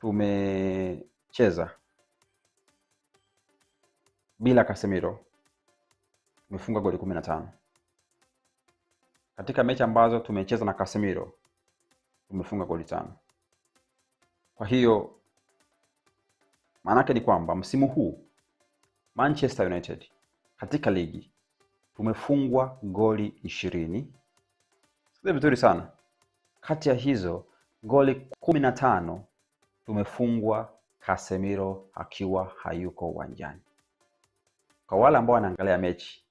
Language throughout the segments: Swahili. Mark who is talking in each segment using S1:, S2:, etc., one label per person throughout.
S1: tumecheza bila Casemiro tumefunga goli kumi na tano. Katika mechi ambazo tumecheza na Casemiro tumefunga goli tano. Kwa hiyo maanake ni kwamba msimu huu Manchester United katika ligi tumefungwa goli ishirini. Sikiza vizuri sana, kati ya hizo goli kumi na tano tumefungwa Casemiro akiwa hayuko uwanjani. Kwa wale ambao wanaangalia mechi,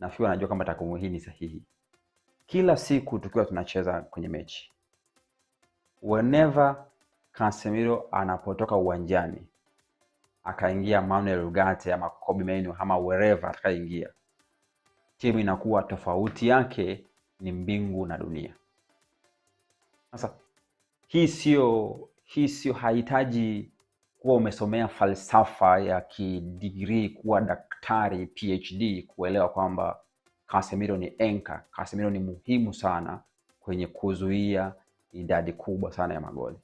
S1: nafikiri wanajua kama takwimu hii ni sahihi. Kila siku tukiwa tunacheza kwenye mechi, whenever Casemiro anapotoka uwanjani akaingia Manuel Ugarte ama Kobbie Mainoo ama wherever atakaingia, timu inakuwa tofauti yake ni mbingu na dunia. Sasa hii sio hii sio, hahitaji kuwa umesomea falsafa ya kidigrii, kuwa daktari PhD kuelewa kwamba Casemiro ni enka. Casemiro ni muhimu sana kwenye kuzuia idadi kubwa sana ya magoli,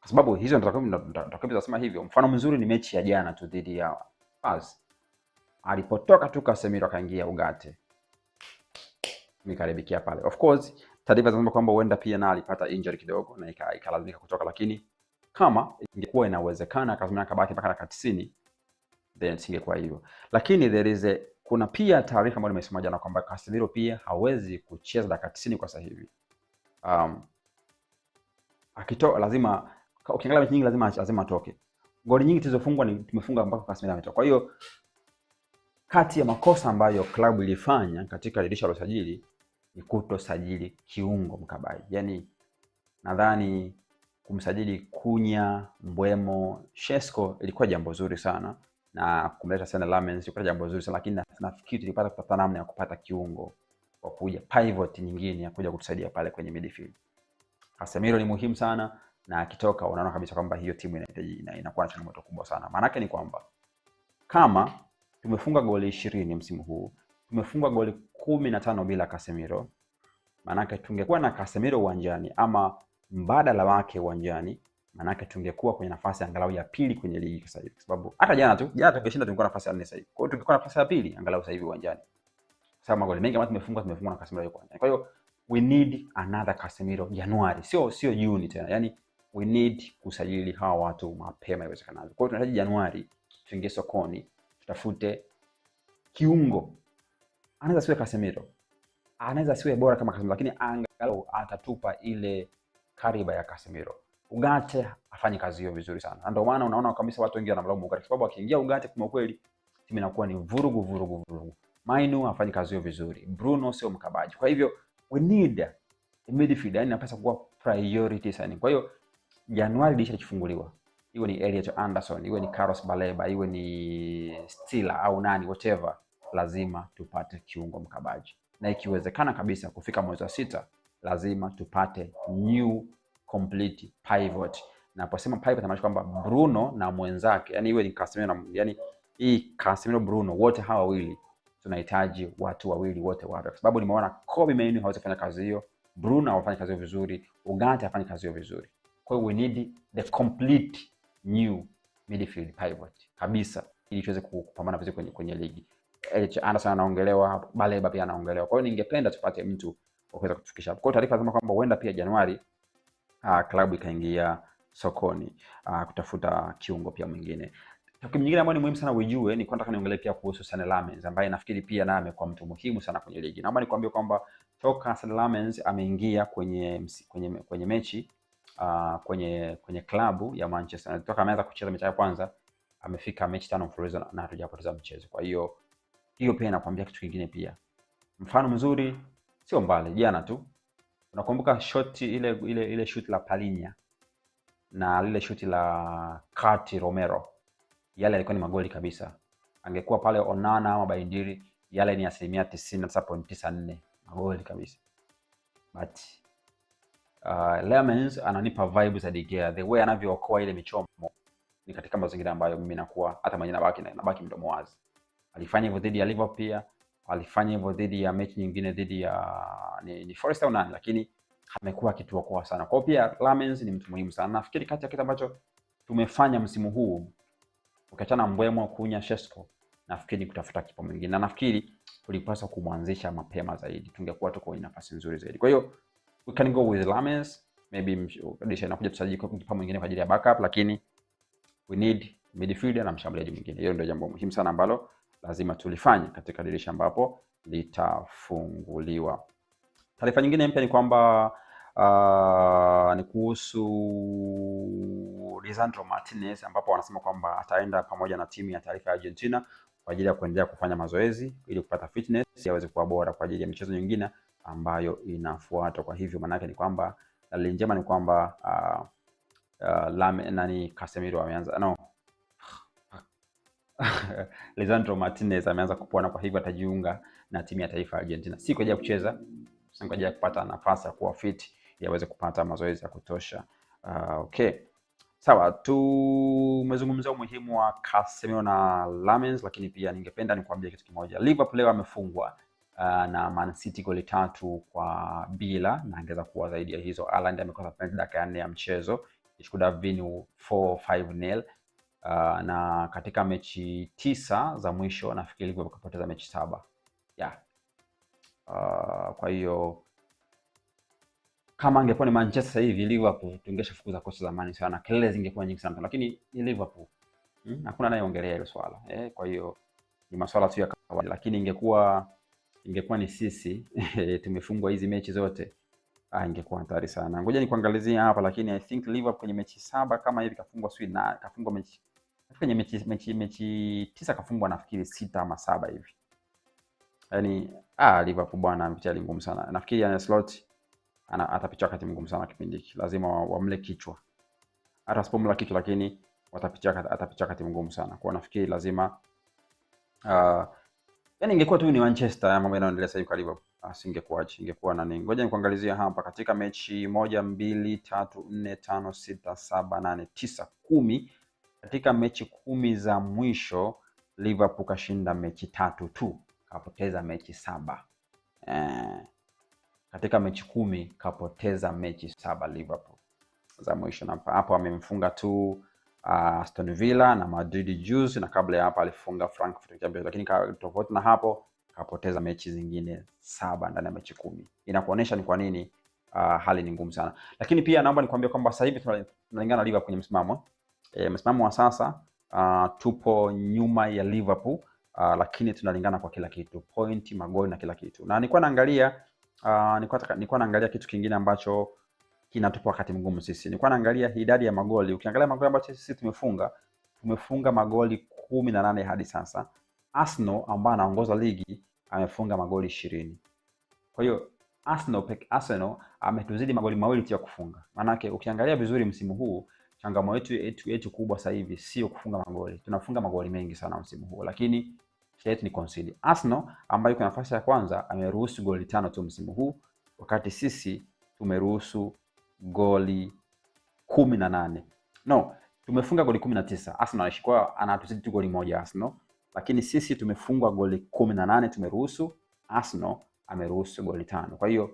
S1: kwa sababu hizo takwimu zinasema hivyo. Mfano mzuri ni mechi ya jana tu dhidi ya Spurs, alipotoka tu Casemiro akaingia ugate, nikaribikia pale of course taarifa zinasema kwamba huenda pia na alipata injury kidogo na ikalazimika kutoka, lakini kama ingekuwa inawezekana akatumia kabaki mpaka dakika 90 then singekuwa hivyo, lakini there is a, kuna pia taarifa ambayo nimesema jana kwamba Casemiro pia hawezi kucheza dakika 90 kwa sasa hivi. Um, akitoa lazima, ukiangalia mechi nyingi lazima lazima atoke. Goli nyingi tulizofungwa ni tumefunga mpaka Casemiro ametoka. Kwa hiyo kati ya makosa ambayo klabu ilifanya katika dirisha la usajili ni kutosajili kiungo mkabaji, yaani nadhani kumsajili Kunya, Mbwemo, Shesko ilikuwa jambo zuri sana na kumleta Sena Lamens ilikuwa jambo zuri sana, lakini nafikiri tulipata kutafuta namna ya kupata kiungo wa kuja pivot nyingine ya kuja kutusaidia pale kwenye midfield. Casemiro ni muhimu sana na akitoka unaona kabisa kwamba hiyo timu inahitaji na inakuwa na changamoto kubwa sana. Maana yake ni kwamba kama tumefunga goli 20 msimu huu, tumefunga goli 15 bila Casemiro, Maanake tungekuwa na Casemiro uwanjani ama mbadala wake uwanjani, maanake tungekuwa kwenye nafasi angalau ya pili kwenye ligi sasa hivi, kwa sababu hata jana tu, jana tungeshinda tungekuwa nafasi ya nne sasa hivi. Kwa hiyo tungekuwa nafasi ya pili angalau sasa hivi uwanjani, kwa sababu magoli mengi ambayo tumefunga tumefungwa na Casemiro yuko uwanjani. Kwa hiyo we need another Casemiro Januari, sio sio Juni tena. Yani we need kusajili hawa watu mapema iwezekanavyo. Kwa hiyo tunahitaji Januari tuingie sokoni tutafute kiungo, anaweza siwe Casemiro anaweza siwe bora kama Casemiro, lakini angalau atatupa ile kariba ya Casemiro. Ugate afanye kazi hiyo vizuri sana, na ndio maana unaona kabisa watu wengi wanamlaumu Ugate, kwa sababu akiingia Ugate kwa kweli timu inakuwa ni vurugu vurugu vurugu. Mainu afanye kazi hiyo vizuri, Bruno sio mkabaji. Kwa hivyo we need a midfielder, yani inapaswa kuwa priority sana. Kwa hiyo Januari dirisha likifunguliwa, iwe ni Elliot Anderson, iwe ni Carlos Baleba, iwe ni Stila au nani whatever, lazima tupate kiungo mkabaji na ikiwezekana kabisa kufika mwezi wa sita lazima tupate new complete pivot. Naposema pivot kwamba Bruno na mwenzake, yani iwe ni Casemiro yani hii Casemiro Bruno, wote hawa wawili tunahitaji watu wawili wote wapya, kwa sababu nimeona Kobe Mainoo hawezi kufanya kazi hiyo, Bruno awafanya kazi hiyo vizuri, Ugarte hafanyi kazi hiyo vizuri. Kwa hiyo we need the complete new midfield pivot kabisa, ili tuweze kupambana vizuri kwenye, kwenye ligi. Erich eh, Anderson anaongelewa, Baleba pia anaongelewa. Kwa hiyo ningependa tupate mtu wa kuweza kutufikisha hapo. Kwa hiyo taarifa kwamba huenda pia Januari uh, klabu ikaingia sokoni uh, kutafuta kiungo pia mwingine. Takwimu nyingine ambayo ni muhimu sana uijue ni kwamba nataka niongelee pia kuhusu Sane Lamens ambaye nafikiri pia naye amekuwa mtu muhimu sana kwenye ligi. Naomba nikwambie kwamba toka Sane Lamens ameingia kwenye kwenye kwenye mechi uh, kwenye kwenye klabu ya Manchester United toka ameanza kucheza mechi ya kwanza amefika mechi tano mfululizo na hatujapoteza mchezo. Kwa hiyo hiyo pia inakwambia kitu kingine pia. Mfano mzuri sio mbali, jana tu unakumbuka shot ile ile ile shot la Palinya na lile shot la Kati Romero, yale yalikuwa ni magoli kabisa. Angekuwa pale Onana ama Baindiri, yale ni asilimia tisini magoli kabisa but uh, Lemons ananipa vibes za De Gea, the way anavyookoa ile michomo ni katika mazingira ambayo mimi nakuwa hata baki nabaki baki mdomo wazi. Alifanya hivyo dhidi ya Liverpool pia, alifanya hivyo dhidi ya mechi nyingine dhidi ya ni, ni Forest au nani, lakini amekuwa akituokoa sana. Kwa pia Lamens ni mtu muhimu sana. Nafikiri kati ya kitu ambacho tumefanya msimu huu ukiachana Mbwemo, Kunya, Shesko, nafikiri ni kutafuta kipa mwingine, na nafikiri tulipaswa kumwanzisha mapema zaidi, tungekuwa tuko kwenye nafasi nzuri zaidi. Kwa hiyo we can go with Lamens, maybe dirisha inakuja tusajili kipa mwingine kwa ajili ya backup, lakini we need midfielder na mshambuliaji mwingine. Hiyo ndio jambo muhimu sana ambalo lazima tulifanye katika dirisha ambapo litafunguliwa. Taarifa nyingine mpya ni kwamba uh, ni kuhusu Lisandro Martinez ambapo wanasema kwamba ataenda pamoja na timu ya taifa ya Argentina kwa ajili ya kuendelea kufanya mazoezi ili kupata fitness yaweze kuwa bora kwa ajili ya michezo nyingine ambayo inafuata. Kwa hivyo maanake ni kwamba dalili njema ni kwamba uh, uh, nani Casemiro ameanza no, Lisandro Martinez ameanza kupona, kwa hivyo atajiunga na timu ya taifa ya Argentina, si kwa ajili ya kucheza, kwa ajili ya kupata nafasi ya kuwa fit, ili aweze kupata mazoezi ya kutosha. Uh, okay. Sawa, tumezungumzia umuhimu wa Casemiro na Lamens, lakini pia ningependa nikuambia kitu kimoja. Liverpool leo amefungwa uh, na Man City goli tatu kwa bila na angeza kuwa zaidi ya hizo. Haaland amekosa penalti dakika ya nne ya mchezo. It should have been 4-5 nil uh, na katika mechi tisa za mwisho nafikiri Liverpool kapoteza mechi saba yeah. Uh, kwa hiyo kama angekuwa ni Manchester sasa hivi Liverpool tungeshafukuza za zamani sana, kelele zingekuwa nyingi sana, lakini ni Liverpool hmm? hakuna anayeongelea hilo swala eh, kwa hiyo ni masuala tu ya kawaida, lakini ingekuwa ingekuwa ni sisi tumefungwa hizi mechi zote ah, ingekuwa hatari sana. Ngoja nikuangalizia hapa, lakini I think Liverpool kwenye mechi saba kama hivi kafungwa swi na kafungwa mechi kwenye mechi mechi mechi tisa kafungwa nafikiri sita ama saba hivi. Yaani ah, Liverpool bwana amepitia ngumu sana. Nafikiri ana slot ana atapitia wakati mgumu sana kipindi hiki. Lazima wamle wa kichwa. Hata asipomla kichwa lakini watapitia atapitia wakati mgumu sana. Kwa nafikiri lazima uh, yaani ingekuwa tu ni Manchester ya mambo yanayoendelea sasa hivi kwa Liverpool asingekuachi ah, ingekuwa nani. Ngoja nikuangalizia hapa katika mechi moja, mbili, tatu, nne, tano, sita, saba, nane, tisa, kumi. Katika mechi kumi za mwisho Liverpool kashinda mechi tatu tu, kapoteza mechi saba eh. Katika mechi kumi kapoteza mechi saba Liverpool za mwisho, na hapo amemfunga tu ah, Aston Villa na Madrid juzi, na kabla ya hapo alifunga Frankfurt Champions, lakini tofauti na hapo kapoteza mechi zingine saba ndani ya mechi kumi. Inakuonesha ni kwa nini uh, hali ni ngumu sana. Lakini pia naomba nikwambie kwamba sasa hivi tunalingana na Liverpool kwenye msimamo. E, msimamo wa sasa uh, tupo nyuma ya Liverpool uh, lakini tunalingana kwa kila kitu. Pointi, magoli na kila kitu. Na nilikuwa naangalia uh, nilikuwa nilikuwa naangalia kitu kingine ambacho kinatupa wakati mgumu sisi. Nilikuwa naangalia idadi ya magoli. Ukiangalia magoli ambayo sisi tumefunga, tumefunga magoli kumi na nane hadi sasa Arsenal ambaye anaongoza ligi amefunga magoli ishirini. Kwa hiyo Arsenal peke Arsenal ametuzidi magoli mawili tu ya kufunga. Maanake ukiangalia vizuri msimu huu changamoto yetu yetu kubwa sasa hivi sio kufunga magoli. Tunafunga magoli mengi sana msimu huu lakini shida yetu ni concede. Arsenal ambaye yuko nafasi ya kwanza ameruhusu goli tano tu msimu huu wakati sisi tumeruhusu goli kumi na nane. No, tumefunga goli kumi na tisa. Arsenal anashikwa anatuzidi tu goli moja Arsenal lakini sisi tumefungwa goli kumi na nane tumeruhusu. Arsenal ameruhusu goli tano, kwa hiyo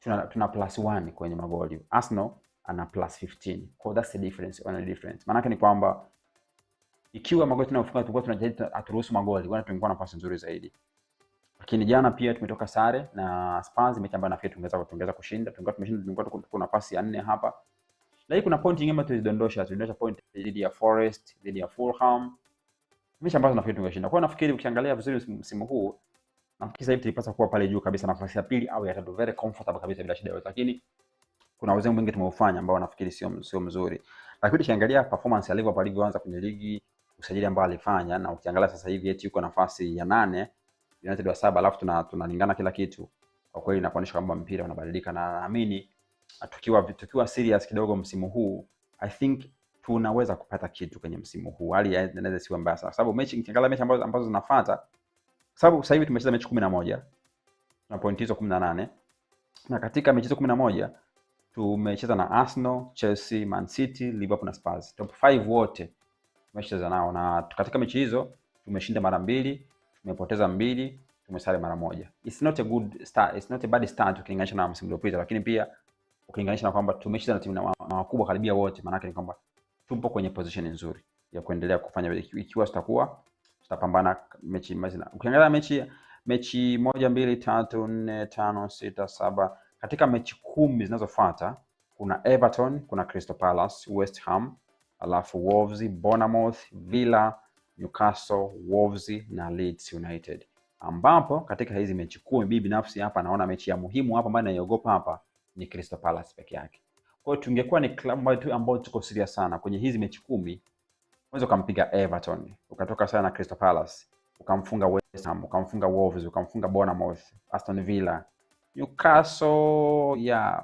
S1: tuna, tuna plus 1 kwenye magoli. Arsenal ana plus 15. kwa that's the difference, one difference. Maana ni kwamba ikiwa magoli tunayofunga tulikuwa tunajaribu aturuhusu magoli, wana tungekuwa na nafasi nzuri zaidi. Lakini jana pia tumetoka sare na Spurs, mechi ambayo nafikiri tungeweza kutongeza kushinda. Tungekuwa tumeshinda, tungekuwa tuko na nafasi ya 4 hapa. Lakini kuna point nyingine ambayo tulidondosha tulidondosha point dhidi ya Forest, dhidi ya Fulham, mechi ambazo nafikiri tungeshinda. Kwa hiyo nafikiri ukiangalia vizuri msimu huu nafikiri sasa hivi tulipaswa kuwa pale juu kabisa, nafasi ya pili au ya tatu, very comfortable kabisa bila shida yoyote, lakini kuna uzemu mwingi tumeufanya ambao nafikiri sio sio mzuri. Lakini ukiangalia performance ya Liverpool alivyoanza kwenye ligi, usajili ambao alifanya, na ukiangalia sasa hivi eti yuko nafasi ya nane, United wa saba, alafu tuna, tunalingana kila kitu, kwa kweli inakuonyesha kwamba mpira unabadilika, na naamini tukiwa tukiwa serious kidogo msimu huu I think tunaweza kupata kitu kwenye msimu huu. Hali inaweza siwe mbaya sana, sababu mechi nikiangalia mechi ambazo, ambazo zinafuata, sababu sasa hivi tumecheza mechi 11 na pointi hizo 18 na katika mechi hizo 11 tumecheza na Arsenal, Chelsea, Man City, Liverpool na Spurs. Top 5 wote tumecheza nao na katika mechi hizo tumeshinda mara mbili, tumepoteza mbili, tumesare mara moja. It's not a good start, it's not a bad start ukilinganisha na msimu uliopita, lakini pia ukilinganisha na kwamba tumecheza na timu na wakubwa karibia wote, maana yake ni kwamba tupo kwenye position nzuri ya kuendelea kufanya ikiwa tutakuwa tutapambana mechi mazina. Ukiangalia mechi mechi moja, mbili, tatu, nne, tano, sita, saba, katika mechi kumi zinazofuata kuna Everton, kuna Crystal Palace, West Ham, alafu Wolves, Bournemouth, Villa, Newcastle, Wolves na Leeds United, ambapo katika hizi mechi kumi, mimi binafsi hapa naona mechi ya muhimu hapa ambayo naiogopa hapa ni Crystal Palace peke yake. Kwa hiyo tungekuwa ni klabu moja tu ambayo tuko serious sana kwenye hizi mechi kumi, unaweza ukampiga Everton, ukatoka sana na Crystal Palace, ukamfunga West Ham, ukamfunga Wolves, ukamfunga Bournemouth, Aston Villa, Newcastle, yeah,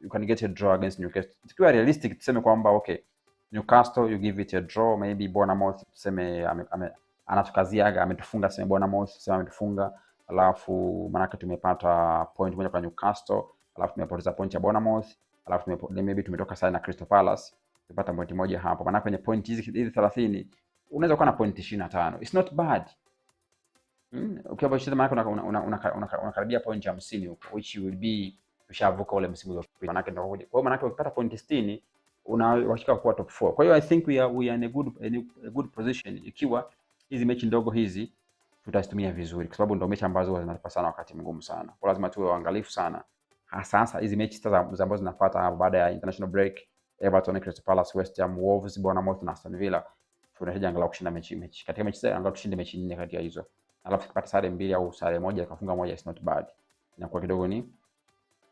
S1: you can get a draw against Newcastle. Tukiwa realistic tuseme kwamba okay, Newcastle you give it a draw, maybe Bournemouth tuseme ame, ame, anatukaziaga ametufunga, tuseme Bournemouth tuseme ametufunga, alafu manake tumepata point moja kwa Newcastle, alafu tumepoteza point ya Bournemouth alafu maybe tumetoka sana na Crystal Palace tupata pointi moja hapo, maana kwenye pointi hizi hizi 30 unaweza kuwa na pointi 25. It's not bad. Mm, ukiwa bado cheza maana unakaribia una, una, una, una pointi 50 huko which will be tushavuka ule msimu uliopita. Maana ndio kwa hiyo maana ukipata pointi 60 unawashika kuwa top 4. Kwa hiyo I think we are, we are in a good in a good position ikiwa hizi mechi ndogo hizi tutazitumia vizuri, kwa sababu ndio mechi ambazo zinatupa sana wakati mgumu sana. Kwa lazima tuwe waangalifu sana. Ah, sasa hizi mechi sita ambazo zinafuata hapo baada ya international break, Everton, Crystal Palace, West Ham, Wolves, Bournemouth na Aston Villa, tunahitaji angalau kushinda mechi mechi katika mechi zote angalau tushinde mechi nne kati ya hizo, alafu tukipata sare mbili au sare moja tukafunga moja, is not bad, na kwa kidogo ni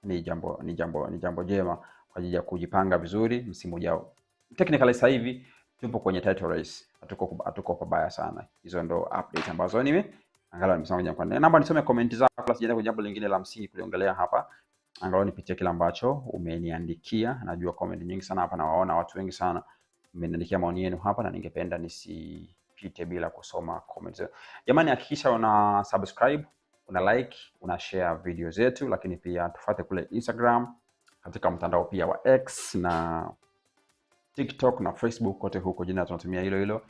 S1: ni jambo ni jambo ni jambo jema kwa ajili ya kujipanga vizuri msimu ujao. Technically sasa hivi tupo kwenye title race, hatuko hatuko pabaya sana. Hizo ndo update ambazo nime angalau nimesema kwa nini namba. Nisome comment zako, alafu sijaenda kwa jambo lingine la msingi kuliongelea hapa angalau nipitie kile ambacho umeniandikia. Najua comment nyingi sana hapa, nawaona watu wengi sana mmeniandikia maoni yenu hapa, na ningependa nisipite bila kusoma comment zenu. Jamani, hakikisha una subscribe, una like, una share video zetu, lakini pia tufuate kule Instagram, katika mtandao pia wa X na TikTok na Facebook, kote huko jina tunatumia hilo hilo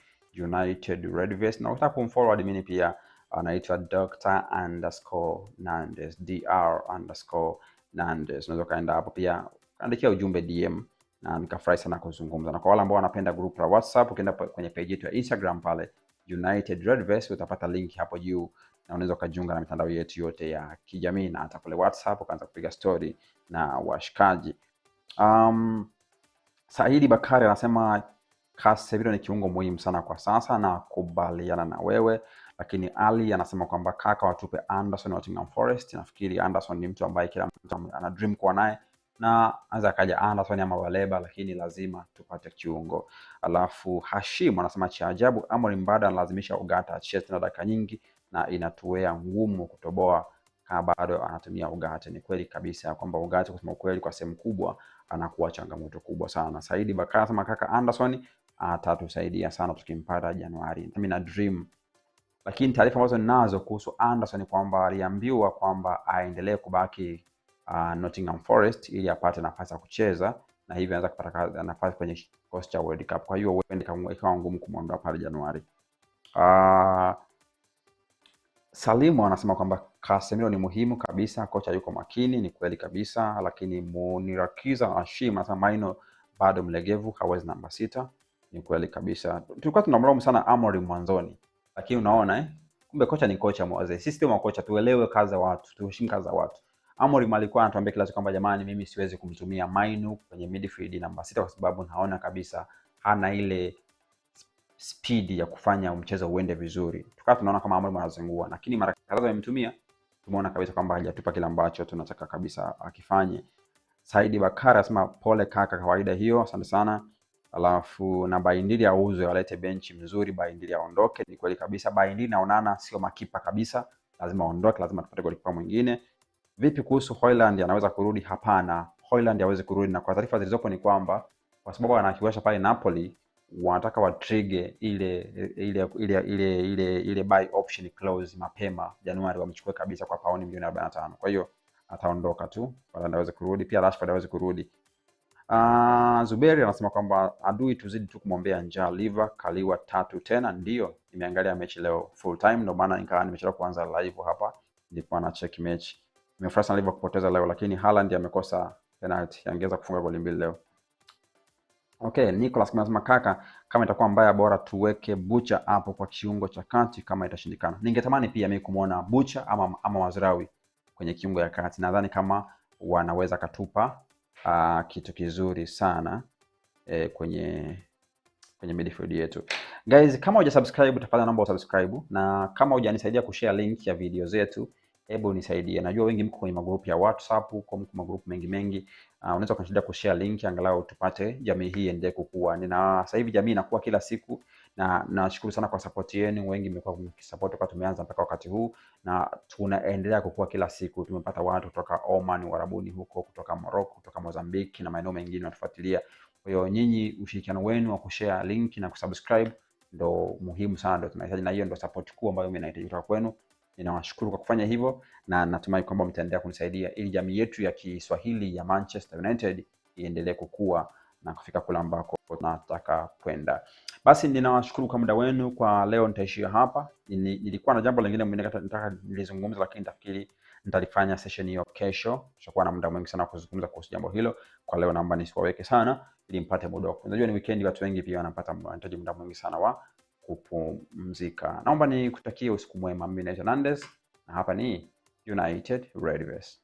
S1: United Red Vest, na ukitaka kumforward mimi pia anaitwa Dr. underscore Nandes, Dr. underscore na unaweza kaenda hapo pia ukaandikia ujumbe DM na nikafurahi sana kuzungumza. Na kwa wale ambao wanapenda group la WhatsApp, ukienda kwenye page yetu ya Instagram pale United Redverse utapata link hapo juu, na unaweza ukajiunga na mitandao yetu yote ya kijamii na hata kule WhatsApp ukaanza kupiga story na washikaji. Um, Saidi Bakari anasema kasevio ni kiungo muhimu sana kwa sasa na kubaliana na wewe lakini Ali anasema kwamba kaka watupe Anderson wa Nottingham Forest. Nafikiri Anderson ni mtu ambaye kila mtu ana dream kuwa naye na anaweza akaja Anderson ama valeba lakini lazima tupate kiungo. Alafu Hashim anasema cha ajabu, Amorim Mbada analazimisha Ugata acheze tena dakika nyingi na inatuwea ngumu kutoboa kama bado anatumia Ugate. Ni kweli kabisa kwamba Ugate, kusema ukweli, kwa sehemu kubwa anakuwa changamoto kubwa sana. Saidi Bakara anasema kaka Anderson atatusaidia sana tukimpata Januari. Mimi na dream lakini taarifa ambazo ninazo kuhusu Anderson ni kwamba aliambiwa kwamba aendelee kubaki uh, Nottingham Forest ili apate nafasi ya kucheza na hivyo anaweza kupata nafasi kwenye kikosi cha World Cup. Kwa hiyo huenda ikawa ngumu kumwondoa pale Januari. Uh, Salimu anasema kwamba Casemiro ni muhimu kabisa, kocha yuko makini. Ni kweli kabisa, lakini Munirakiza Ashim anasema Maino bado mlegevu, hawezi namba sita. Ni kweli kabisa, tulikuwa tunamlaumu sana Amorim mwanzoni lakini unaona eh? Kumbe kocha ni kocha mwaze. Sisi sio makocha, tuelewe kazi za watu, tuheshimu kazi za watu. Amorim alikuwa anatuambia kila siku kwamba jamani, mimi siwezi kumtumia Mainu kwenye midfield namba sita kwa sababu naona kabisa hana ile speed ya kufanya mchezo uende vizuri. Tukawa tunaona kama Amorim anazungua, lakini mara kadhaa amemtumia, tumeona kabisa kwamba hajatupa kile ambacho tunataka kabisa akifanye. Saidi Bakara asema pole kaka, kawaida hiyo, asante sana alafu na Baindili auze walete benchi mzuri, Baindili aondoke. Ni kweli kabisa, Baindili na Onana sio makipa kabisa, lazima aondoke, lazima tupate golikipa mwingine. Vipi kuhusu Hoyland, anaweza kurudi? Hapana, Hoyland hawezi kurudi, na kwa taarifa zilizopo ni kwamba kwa sababu anakiwasha pale Napoli, wanataka watrige ile ile ile ile ile ile buy option close mapema Januari, wamchukue kabisa kwa paoni milioni 45. Kwa hiyo ataondoka tu, wala hawezi kurudi, pia Rashford hawezi kurudi. Uh, Zuberi anasema kwamba adui tuzidi tu kumwombea njaa. Liver kaliwa tatu tena. Ndio nimeangalia mechi leo full time, ndio maana nikawa nimechelewa kuanza live hapa, nilikuwa na check mechi. Nimefurahi sana Liver kupoteza leo, lakini Haaland amekosa penalty, angeweza kufunga goli mbili leo. Okay, Nicholas anasema kaka, kama itakuwa mbaya bora tuweke Bucha hapo kwa kiungo cha kati kama itashindikana. Ningetamani pia mimi kumuona Bucha ama ama Wazrawi kwenye kiungo ya kati. Nadhani kama wanaweza katupa uh, kitu kizuri sana eh, kwenye kwenye midfield yetu. Guys, kama hujasubscribe tafadhali naomba usubscribe na kama hujanisaidia kushare link ya video zetu, hebu nisaidie. Najua wengi mko kwenye magrupu ya WhatsApp huko, mko magrupu mengi mengi. Uh, unaweza kunisaidia kushare link angalau tupate jamii hii endelee kukua. Nina sasa hivi jamii inakuwa kila siku na nashukuru sana kwa support yenu. Wengi mmekuwa mkisupport toka tumeanza mpaka wakati huu, na tunaendelea kukua kila siku. Tumepata watu kutoka Oman, Warabuni huko, kutoka Morocco, kutoka Mozambique na maeneo mengine wanatufuatilia. Kwa hiyo nyinyi, ushirikiano wenu wa kushare link na kusubscribe ndo muhimu sana, ndo tunahitaji, na hiyo ndo support kuu ambayo mimi nahitaji kutoka kwenu. Ninawashukuru kwa kufanya hivyo na natumai kwamba mtaendelea kunisaidia ili jamii yetu ya Kiswahili ya Manchester United iendelee kukua na kufika kule ambako tunataka kwenda. Basi ninawashukuru kwa muda wenu kwa leo, nitaishia hapa. Nilikuwa na jambo lingine nataka nilizungumza, lakini nafikiri nitalifanya session hiyo kesho. Tutakuwa na muda mwingi sana kuzungumza kuhusu jambo hilo. Kwa leo naomba nisiwaweke sana, ili mpate muda wa unajua, ni weekend, watu wengi pia wanapata wanahitaji muda mwingi sana wa kupumzika. Naomba nikutakie usiku mwema. Mimi naitwa Nandes na hapa ni United Redverse.